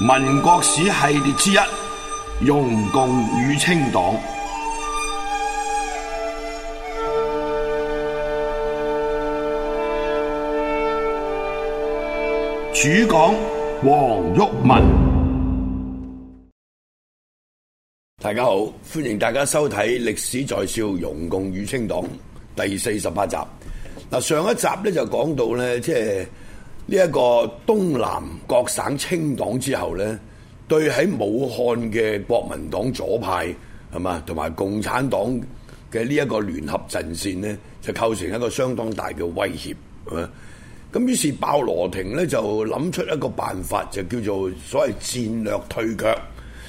民國史系列之一《容共與清黨》，主講黃毓民。大家好，歡迎大家收睇《歷史在笑容共與清黨》第四十八集。嗱，上一集咧就講到咧，即係。呢一個東南各省清黨之後呢，對喺武漢嘅國民黨左派係嘛，同埋共產黨嘅呢一個聯合陣線呢就構成一個相當大嘅威脅，係嘛？咁於是鮑羅廷呢就諗出一個辦法，就叫做所謂戰略退卻。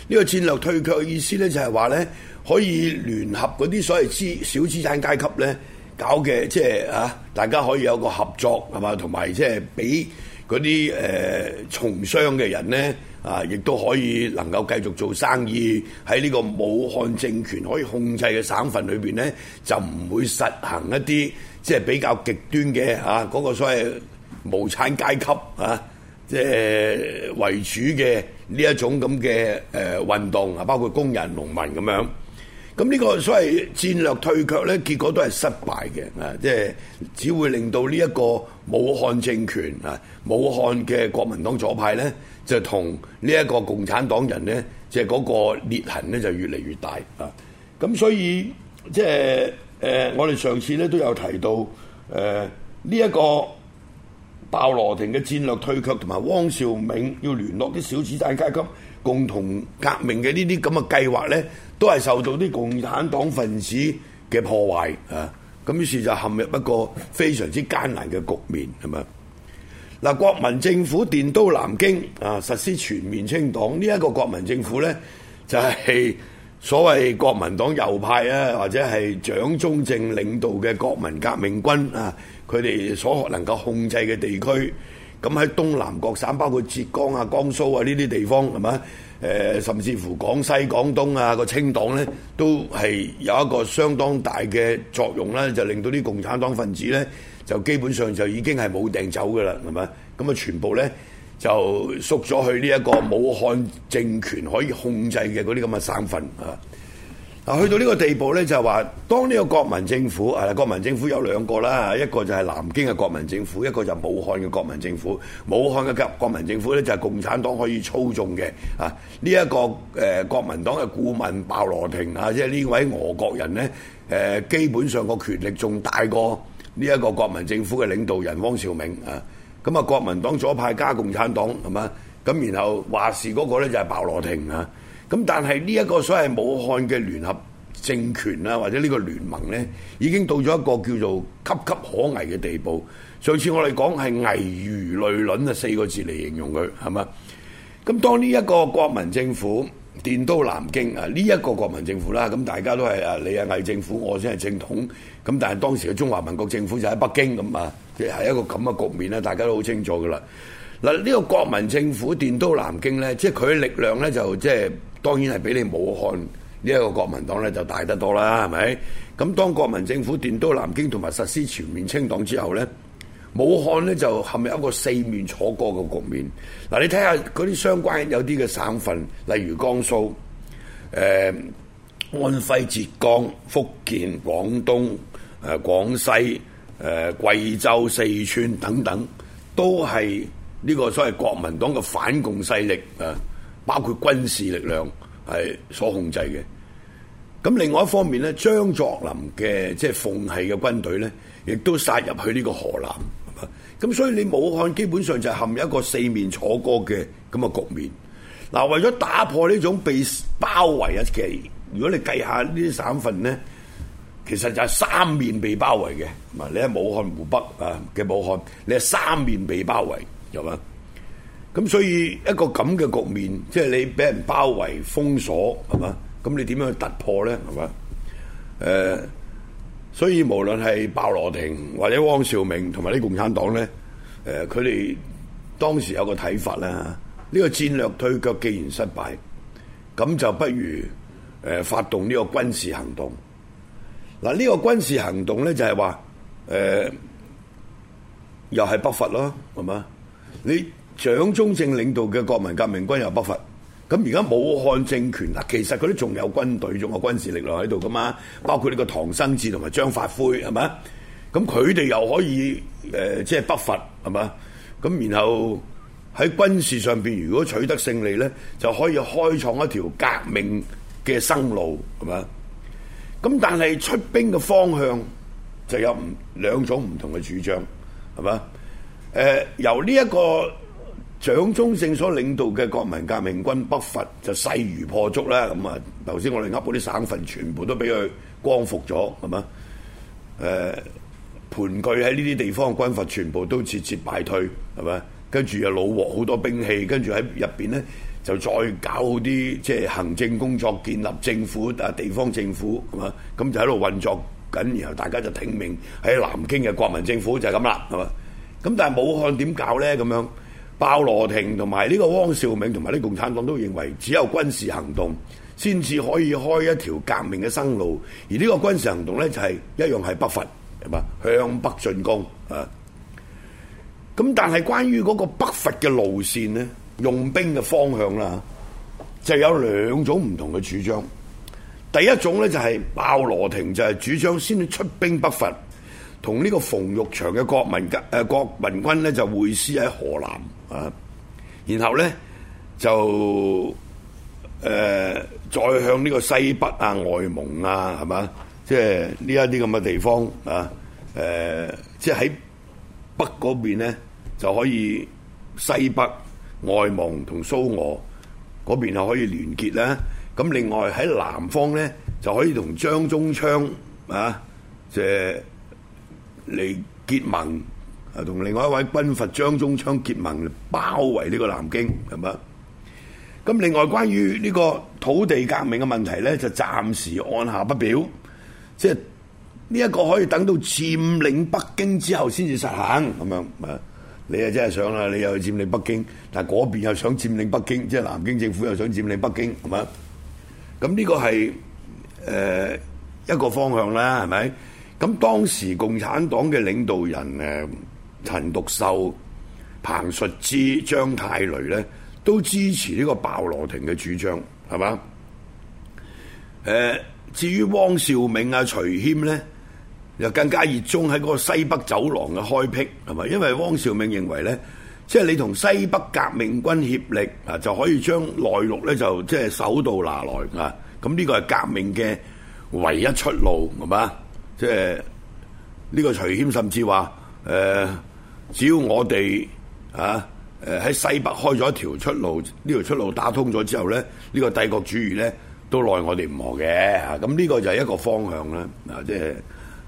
呢個戰略退卻嘅意思呢，就係話呢可以聯合嗰啲所謂資小資產階級呢。搞嘅即係啊，大家可以有個合作係嘛，同埋即係俾嗰啲誒從商嘅人咧啊，亦都可以能夠繼續做生意，喺呢個武漢政權可以控制嘅省份裏邊咧，就唔會實行一啲即係比較極端嘅啊嗰個所謂無產階級啊即係為主嘅呢一種咁嘅誒運動啊，包括工人農民咁樣。咁呢個所謂戰略退卻呢，結果都係失敗嘅，啊！即係只會令到呢一個武漢政權啊，武漢嘅國民黨左派呢，就同呢一個共產黨人呢，即係嗰個裂痕呢就越嚟越大啊！咁所以即係呃，我哋上次咧都有提到誒呢一個鮑羅廷嘅戰略退卻，同埋汪兆銘要聯絡啲小資產階級共同革命嘅呢啲咁嘅計劃呢。都係受到啲共產黨分子嘅破壞啊！咁於是就陷入一個非常之艱難嘅局面，係咪？嗱、啊，國民政府遷都南京啊，實施全面清黨。呢、這、一個國民政府呢，就係、是、所謂國民黨右派啊，或者係蔣中正領導嘅國民革命軍啊，佢哋所可能夠控制嘅地區。咁、啊、喺東南各省，包括浙江啊、江蘇啊呢啲地方，係咪？誒，甚至乎廣西、廣東啊，個清黨呢，都係有一個相當大嘅作用啦，就令到啲共產黨分子呢，就基本上就已經係冇掟走噶啦，係咪？咁啊，全部呢，就縮咗去呢一個武漢政權可以控制嘅嗰啲咁嘅省份啊。嗱，去到呢個地步呢，就係、是、話，當呢個國民政府，係國民政府有兩個啦，一個就係南京嘅國民政府，一個就係武漢嘅國民政府。武漢嘅國國民政府呢，就係共產黨可以操縱嘅。啊，呢、這、一個誒、呃、國民黨嘅顧問鮑羅廷啊，即係呢位俄國人呢，誒基本上個權力仲大過呢一個國民政府嘅領導人汪兆銘啊。咁啊，啊，國民黨左派加共產黨係嘛？咁、啊、然後話事嗰個咧就係鮑羅廷啊。咁但係呢一個所謂武漢嘅聯合政權啦，或者呢個聯盟呢，已經到咗一個叫做岌岌可危嘅地步。上次我哋講係危如累卵啊四個字嚟形容佢，係嘛？咁當呢一個國民政府奠都南京啊，呢、這、一個國民政府啦，咁大家都係啊，你係偽政府，我先係正統。咁但係當時嘅中華民國政府就喺北京咁啊，即係一個咁嘅局面咧，大家都好清楚㗎啦。嗱、這、呢個國民政府奠都南京呢，即係佢力量呢，就即係。當然係比你武漢呢一個國民黨咧就大得多啦，係咪？咁當國民政府奠都南京同埋實施全面清黨之後咧，武漢咧就陷入一個四面楚歌嘅局面。嗱，你睇下嗰啲相關有啲嘅省份，例如江蘇、呃、安徽、浙江、福建、廣東、誒、呃、廣西、誒、呃、貴州、四川等等，都係呢個所謂國民黨嘅反共勢力啊！呃包括軍事力量係所控制嘅，咁另外一方面咧，張作霖嘅即、就是、係奉系嘅軍隊咧，亦都殺入去呢個河南，咁所以你武漢基本上就係陷入一個四面楚歌嘅咁嘅局面。嗱、啊，為咗打破呢種被包圍嘅，其實如果你計下呢啲省份咧，其實就係三面被包圍嘅。唔係你喺武漢湖北啊嘅武漢，你係三面被包圍，有冇？咁所以一個咁嘅局面，即係你俾人包圍封鎖，係嘛？咁你點樣去突破咧？係嘛、呃？所以無論係鮑羅廷，或者汪兆銘同埋啲共產黨咧，佢、呃、哋當時有個睇法啦。呢、啊這個戰略退卻既然失敗，咁就不如、呃、發動呢個軍事行動。嗱、啊，呢、這個軍事行動咧就係、是、話、呃、又係北伐咯，係嘛？你？蔣中正領導嘅國民革命軍又北伐，咁而家武漢政權嗱，其實佢都仲有軍隊，仲有軍事力量喺度噶嘛，包括呢個唐生智同埋張發奎，係咪？咁佢哋又可以誒即係北伐係嘛，咁、呃就是、然後喺軍事上邊如果取得勝利咧，就可以開創一條革命嘅生路係嘛，咁但係出兵嘅方向就有唔兩種唔同嘅主張係嘛，誒、呃、由呢、這、一個。蔣中正所領導嘅國民革命軍北伐就勢如破竹啦，咁啊頭先我哋噏嗰啲省份全部都俾佢光復咗，係嘛？誒盤踞喺呢啲地方嘅軍閥全部都節節敗退，係咪？跟住又擄獲好多兵器，跟住喺入面呢就再搞好啲即係行政工作，建立政府啊地方政府，係嘛？咁就喺度運作緊，然後大家就聽命喺南京嘅國民政府就係咁啦，係嘛？咁但係武漢點搞咧？咁樣？鮑羅廷同埋呢個汪兆銘同埋呢共產黨都認為只有軍事行動先至可以開一條革命嘅生路，而呢個軍事行動呢，就係一樣係北伐，係嘛，向北進攻啊！咁但係關於嗰個北伐嘅路線呢，用兵嘅方向啦，就有兩種唔同嘅主張。第一種呢，就係鮑羅廷就係主張先至出兵北伐。同呢個馮玉祥嘅國民革、誒、國民軍咧就會師喺河南啊，然後咧就誒、呃、再向呢個西北啊、外蒙啊，係嘛？即係呢一啲咁嘅地方啊，即係喺北嗰邊咧就可以西北外蒙同蘇俄嗰邊可連、啊、就可以聯結啦。咁另外喺南方咧就可以同張宗昌啊即係。嚟結盟，啊，同另外一位軍閥張宗昌結盟，包圍呢個南京，係嘛？咁另外關於呢個土地革命嘅問題咧，就暫時按下不表，即係呢一個可以等到佔領北京之後先至實行，咁樣啊？你啊真係想啦，你又去佔領北京，但係嗰邊又想佔領北京，即係南京政府又想佔領北京，係嘛？咁呢個係誒一個方向啦，係咪？咁當時共產黨嘅領導人誒、呃、陳獨秀、彭述之、張太雷咧，都支持呢個鮑羅廷嘅主張，係嘛、呃？至於汪兆銘啊、徐謙呢，又更加熱衷喺嗰個西北走廊嘅開闢。係嘛？因為汪兆銘認為呢，即係你同西北革命軍協力啊，就可以將內陸呢就即係首度拿來啊，咁呢個係革命嘅唯一出路，係嘛？即係呢個徐謙甚至話誒、呃，只要我哋啊誒喺、呃、西北開咗一條出路，呢條出路打通咗之後咧，呢、呢個帝國主義咧都奈我哋唔何嘅嚇。咁呢個就係一個方向啦，嗱，即係就係、係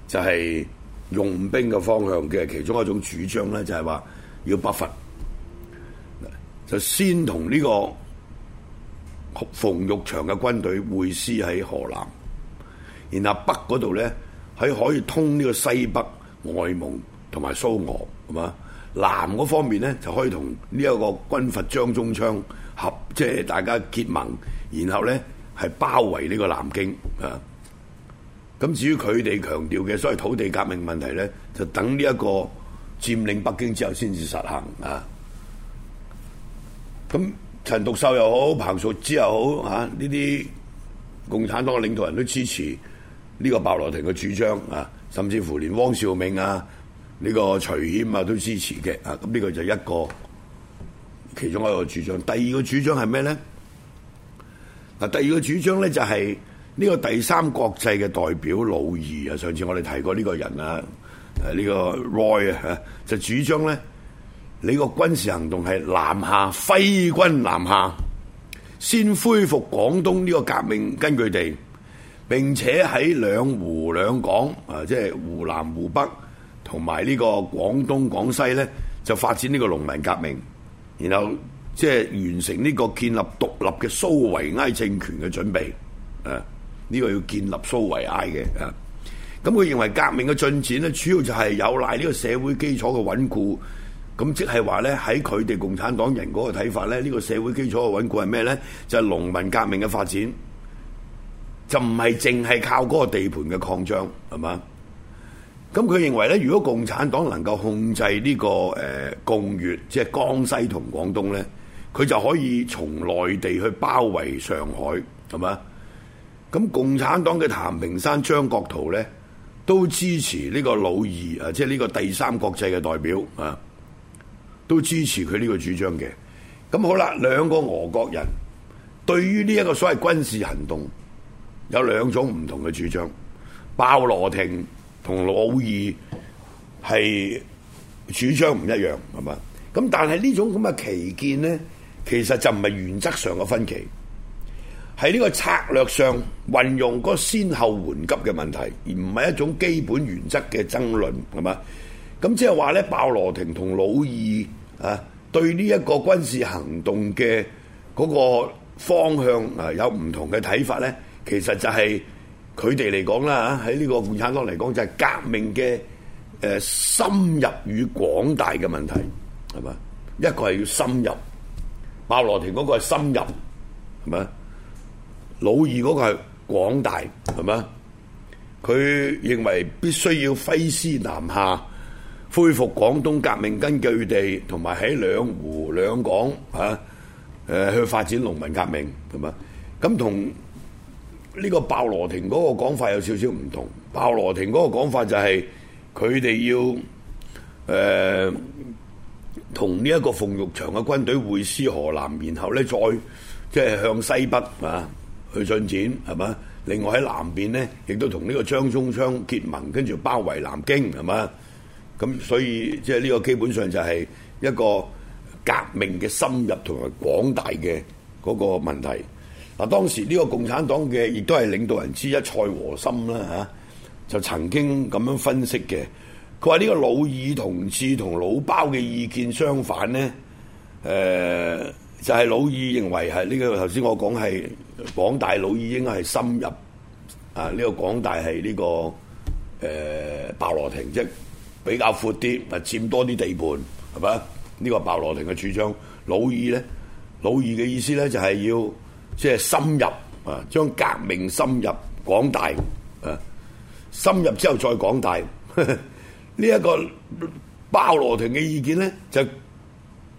就係、用兵嘅方向嘅其中一種主張咧，就係、係、話要北伐，就先同呢個馮玉祥嘅軍隊會師喺河南，然後北嗰度咧。喺可以通呢個西北外蒙同埋蘇俄，係嘛？南嗰方面咧，就可以同呢一個軍閥張宗昌合，即係大家結盟，然後咧係包圍呢個南京啊。咁至於佢哋強調嘅所謂土地革命問題咧，就等呢一個佔領北京之後先至實行啊。咁陳獨秀又好，彭述之又好，嚇呢啲共產黨嘅領導人都支持。呢、這個鮑羅廷嘅主張啊，甚至乎連汪兆銘啊、呢、這個徐謙啊都支持嘅啊，咁、這、呢個就是一個其中一個主張。第二個主張係咩咧？嗱、啊，第二個主張咧就係、是、呢個第三國際嘅代表老二啊，上次我哋提過呢個人啊，誒、啊、呢、這個 Roy 啊，就主張咧，你個軍事行動係南下揮軍南下，先恢復廣東呢個革命根據地。並且喺兩湖兩廣，啊，即係湖南湖北同埋呢個廣東廣西呢就發展呢個農民革命，然後即係完成呢個建立獨立嘅蘇維埃政權嘅準備。呢、啊呢個要建立蘇維埃嘅。誒、啊，咁佢認為革命嘅進展呢，主要就係有賴呢個社會基礎嘅穩固。咁即係話呢，喺佢哋共產黨人嗰個睇法呢，呢、呢個社會基礎嘅穩固係咩呢？就係、是、農民革命嘅發展。就唔係淨係靠嗰個地盤嘅擴張，係嘛？咁佢認為呢，如果共產黨能夠控制呢個誒贛粵，即係江西同廣東呢，佢就可以從內地去包圍上海，係嘛？咁共產黨嘅譚平山、張國燾，呢都支持呢個羅易啊，即係呢個第三國際嘅代表啊，都支持佢呢個主張嘅。咁好啦，兩個俄國人對於呢一個所謂軍事行動。有兩種唔同嘅主張，鮑羅廷同羅易係主張唔一樣，係嘛？咁但係呢種咁嘅歧見呢，其實就唔係原則上嘅分歧，係呢個策略上運用嗰先後緩急嘅問題，而唔係一種基本原則嘅爭論，係嘛？咁即係話咧，鮑羅廷同羅易啊，對呢一個軍事行動嘅嗰個方向啊，有唔同嘅睇法呢。其實就係佢哋嚟講啦，喺呢個共產黨嚟講就係、是、革命嘅誒、呃、深入與廣大嘅問題，係嘛？一個係要深入，鮑羅廷嗰個係深入，係嘛？老二嗰個係廣大，係嘛？佢認為必須要揮師南下，恢復廣東革命根據地，同埋喺兩湖兩廣嚇誒、啊呃、去發展農民革命，係嘛？咁同呢、這個鮑羅廷嗰個講法有少少唔同，鮑羅廷嗰個講法就係佢哋要誒同呢一個馮玉祥嘅軍隊會師河南，然後咧再即係向西北啊去進展，係嘛？另外喺南邊咧，亦都同呢個張宗昌結盟，跟住包圍南京，係嘛？咁所以即係呢個基本上就係一個革命嘅深入同埋廣大嘅嗰個問題。嗱，當時呢個共產黨嘅亦都係領導人之一蔡和森啦嚇，就曾經咁樣分析嘅。佢話呢個老二同志同老包嘅意見相反咧，誒、呃、就係老二認為係呢、這個頭先我講係廣大老二應該係深入啊。呢、這個廣大係呢、這個誒鮑、呃、羅廷，即、就、係、是、比較闊啲，咪佔多啲地盤係咪？這個、呢個鮑羅廷嘅主張老二咧，老二嘅意思咧就係要。即係深入啊，將革命深入廣大啊，深入之後再廣大。呢一個鮑羅廷嘅意見咧，就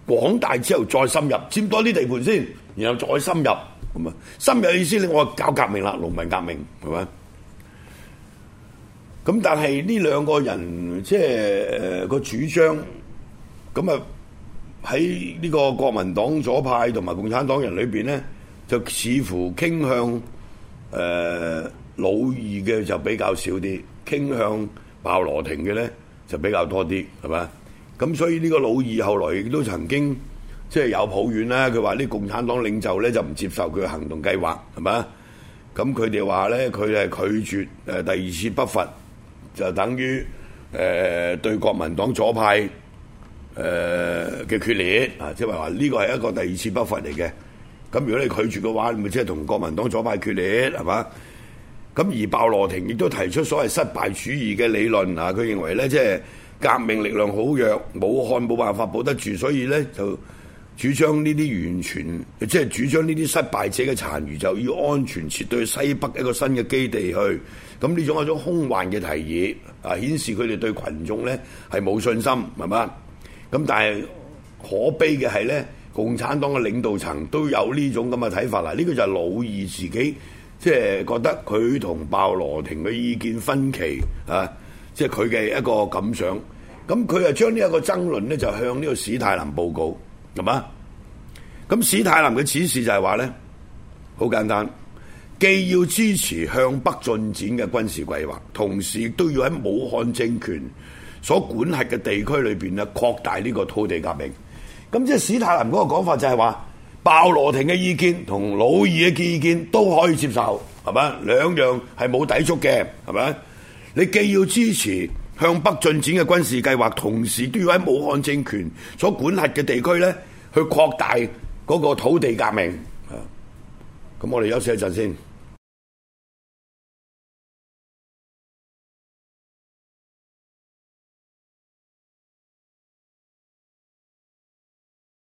廣大之後再深入，佔多啲地盤先，然後再深入咁啊。深入意思咧，我搞革命啦，農民革命係咪？咁但係呢兩個人即係個主張，咁啊喺呢個國民黨左派同埋共產黨人裏邊咧。就似乎傾向誒老二嘅就比較少啲，傾向鮑羅廷嘅咧就比較多啲，係嘛？咁所以呢個老二後來亦都曾經即係、就是、有抱怨啦，佢話啲共產黨領袖咧就唔接受佢嘅行動計劃，係嘛？咁佢哋話咧佢係拒絕誒第二次北伐，就等於誒、呃、對國民黨左派誒嘅、呃、決裂啊！即係話呢個係一個第二次北伐嚟嘅。咁如果你拒絕嘅話，你咪即係同國民黨左派決裂係嘛？咁而鮑羅廷亦都提出所謂失敗主義嘅理論啊！佢認為咧，即係革命力量好弱，武漢冇辦法保得住，所以咧就主張呢啲完全即係、就是、主張呢啲失敗者嘅殘餘就要安全撤退西北一個新嘅基地去。咁呢種一種空幻嘅提議啊，顯示佢哋對群眾咧係冇信心，係咪？咁但係可悲嘅係咧。共產黨嘅領導層都有呢種咁嘅睇法啦，呢、這個就係老二自己即係、就是、覺得佢同鮑羅廷嘅意見分歧啊，即係佢嘅一個感想。咁佢又將呢一個爭論呢，就向呢個史泰林報告係嘛？咁史泰林嘅指示就係話呢好簡單，既要支持向北進展嘅軍事規劃，同時都要喺武漢政權所管轄嘅地區裏邊咧擴大呢個土地革命。咁即係史太林嗰個講法就係話，鮑羅廷嘅意見同魯爾嘅意見都可以接受，係咪？兩樣係冇抵觸嘅，係咪？你既要支持向北進展嘅軍事計劃，同時都要喺武漢政權所管轄嘅地區咧，去擴大嗰個土地革命。咁我哋休息一陣先。